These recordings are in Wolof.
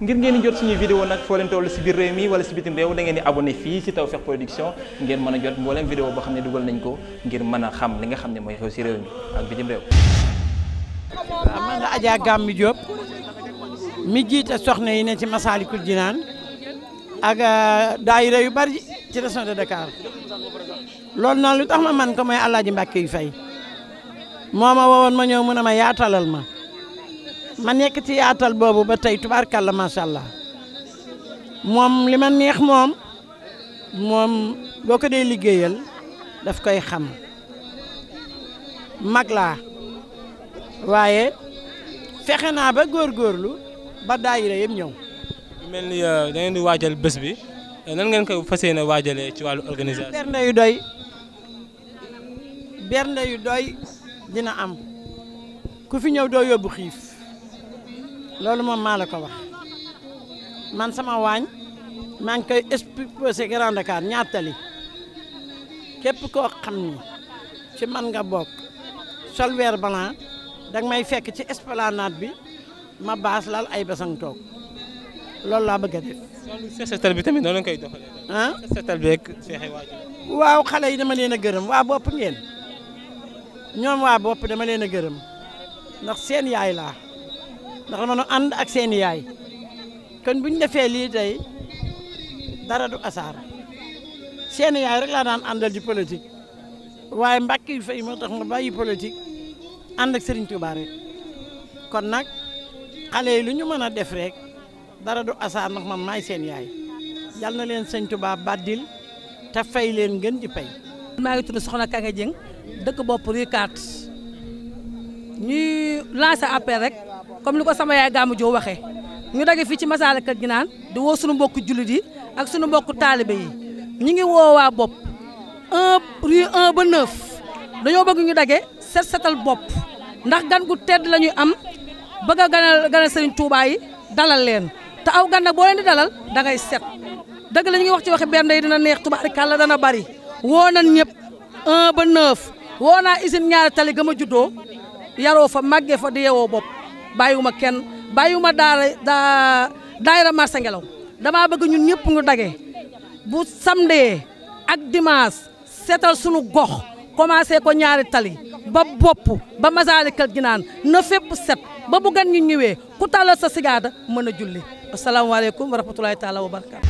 ngir ngeen jot suñu vidéo nag foo leen toll si biir réew mi wala si bitim réew da ngeen di abonné fii si Tawfekh Production ngeen mën a jot mbooleem vidéo boo xam ne dugal nañ ko ngir mën a xam li nga xam ne mooy xew si réew mi ak bitim réew waaw man la soxna yi ne ci Masaalikul Jinaan ak euh, daayira yu bari ci région de Dakar loolu naan lu tax ma man ko mooy Alaaji Mbàkke yu fay moo ma wowoon ma ñëw mu ne ma yaatalal ma ma nekk ci yaatal boobu ba tey tubaarkàlla macha allah moom li ma neex moom moom boo ko dee liggéeyal daf koy xam mag laa waaye fexe naa ba góor góorlu ba daayira yëpp ñëw. mel ni euh, da ngeen di waajal bés bi euh, nan ngeen ko fas yéene waajalee ci wàllu organisation. bernde yu doy bernde yu doy dina am ku fi ñëw doo bu xiif. loolu moom maa la ko wax man sama waañ maa ngi koy exposé Grand ñaatali képp koo xam ni ci man nga bokk sol weer blanc danga may fekk ci naat bi ma baas lal ay basang toog loolu laa bëgg a bi tamit noonu lañ koy doxalee. ah waaw xale yi dama leen a gërëm waa bopp ngeen ñoom waa bopp dama leen a gërëm ndax seen yaay laa. ndax dama nu ànd ak seen yaay kon bu ñu defee lii tey dara du asaar seen yaay rek laa daan àndal di politique waaye mbakki yu fay moo tax ma bàyyi politique ànd ak Serigne Touba rek kon nag xale lu ñu mën a def rekk dara du asaar ma may maay seen yaay yal na leen Serigne Touba baddil te fay leen gën di pay maa ngi tudd Soxna Kange Dieng dëkk bopp Ricard ñuy lancer appel rek. comme li ko sama yaay gàmmu joo waxee ñu dage fii ci Masaalikul Jinaan di woo suñu mbokku jullit yi ak suñu mbokku taalibe yi ñu ngi woowaa bopp un rue dañoo bëgg ñu dage set setal bopp ndax gan gu tedd la ñuy am bëgg a ganal ganal sëriñ yi dalal leen te aw gan nag boo leen di dalal da set dëgg la ñu wax ci waxi benn yi dina neex tubaarikàlla dana bari woo nan ñëpp un ba neuf woo naa usine ñaari tali gëm a juddoo yaroo fa màggee fa di yeewoo bopp bàyyiwuma kenn bàyyiwuma daara daa daayira marché ngelaw damaa bëgg ñun ñëpp ñu dage bu samedi ak dimaas seetal sunu gox commencé ko ñaari tali ba bopp ba Masaalikal Jinaan na fépp set ba bu gan ñu ñëwee ku tàllal sa sigaada mën a julli asalaamaaleykum wa rahmatulahi taala wa barakaatu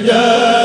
ja